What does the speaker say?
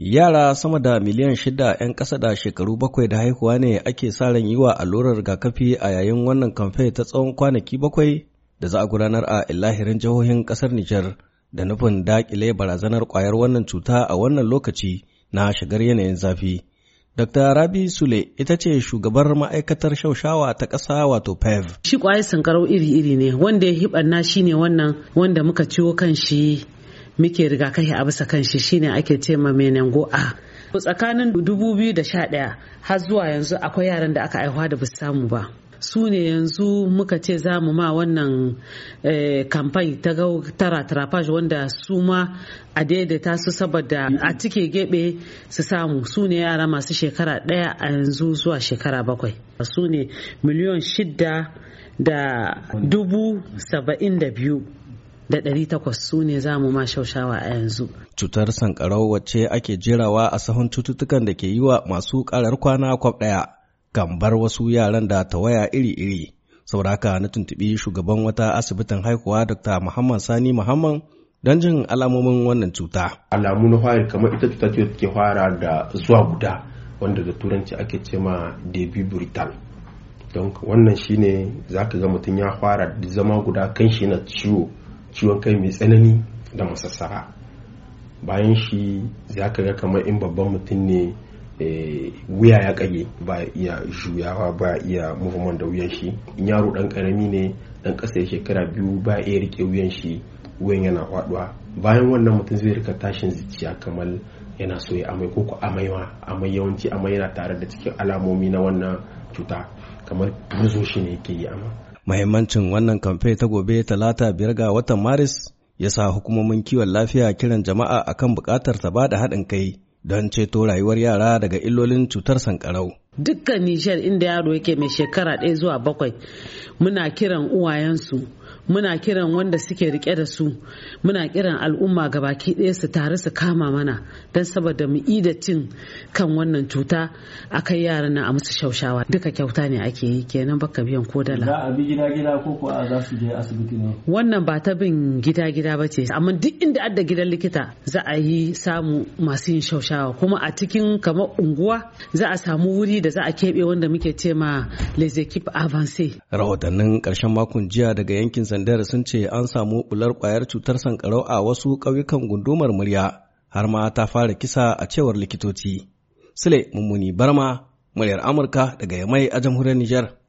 Yara sama da miliyan shida 'yan ƙasa da shekaru bakwai da haihuwa ne ake sa ran yi wa allurar rigakafi a yayin wannan kamfe ta tsawon kwanaki bakwai da za a gudanar a ilahirin jihohin ƙasar Nijar da nufin daƙile barazanar ƙwayar wannan cuta a wannan lokaci na shigar yanayin zafi. Dr. Rabi Sule ita ce shugabar ma'aikatar shaushawa ta ƙasa wato PEV. Shi ƙwayar sankarau iri-iri ne wanda ya na shi ne wannan wanda muka ciwo kan shi muke rigakafi a bisa kan shi shine ake ce ma menengo a tsakanin 2011 har zuwa yanzu akwai yaran da aka aihuwa da basu samu ba su ne yanzu muka ce za mu ma wannan kamfani eh, ta tara wanda su ma a daidaita su saboda a cike gebe su samu su ne yara masu shekara ɗaya a yanzu zuwa shekara bakwai su ne miliyon shida da dubu saba'in da biyu da 800 su ne za mu ma shaushawa a yanzu. Cutar sankarau wacce ake jerawa a sahun cututtukan da ke yi wa masu karar kwana kwab ɗaya gambar wasu yaran da tawaya iri-iri. Sauraka na tuntubi shugaban wata asibitin haihuwa Dr. Muhammad Sani Muhammad don jin alamomin wannan cuta. Alamu na fari kamar ita cuta ce ke fara da zuwa guda wanda da turanci ake ce ma debi brutal. Don wannan shine za ka ga mutum ya fara zama guda kan shi na ciwo ciwon kai mai tsanani da masassara bayan shi za ka ga kamar in babban mutum ne eh, wuya ya kage ba iya juyawa ba iya movement da wuyan shi in yaro dan karami ne dan kasa ya shekara biyu ba iya rike wuyan shi wuyan yana faduwa bayan wannan mutum zai rika tashin zuciya kamar yana so ya amai ko amaiwa amai yawanci amai yana tare da cikin alamomi na wannan cuta kamar burzo shi ne yake yi amma Mahimmancin wannan kamfe ta gobe talata biyar ga watan Maris ya sa hukumomin kiwon lafiya kiran jama'a akan bukatar ta ba da haɗin kai don ceto rayuwar yara daga illolin cutar sankarau. Dukkan Nijar inda yaro yake mai shekara ɗaya zuwa bakwai muna kiran uwayensu muna kiran wanda suke rike da su muna kiran al'umma ga baki ɗaya su tare su kama mana don saboda mu da cin kan wannan cuta a kai yaran nan a musu shaushawa duka kyauta ne ake yi kenan baka biyan ko dala za a bi gida gida ko ko a za su je asibiti ne wannan ba ta bin gida gida ba ce amma duk inda adda gidan likita za a yi samu masu yin shaushawa kuma a cikin kamar unguwa za a samu wuri da za a keɓe wanda muke ce ma les équipes avancées rahotannin ƙarshen makon jiya daga yankin zandar sun ce an samu bular kwayar cutar sankarau a wasu ƙauyukan gundumar murya har ma ta fara kisa a cewar likitoci. Sule Mummuni Barma, muryar Amurka daga Yamai a jamhuriyar Nijar.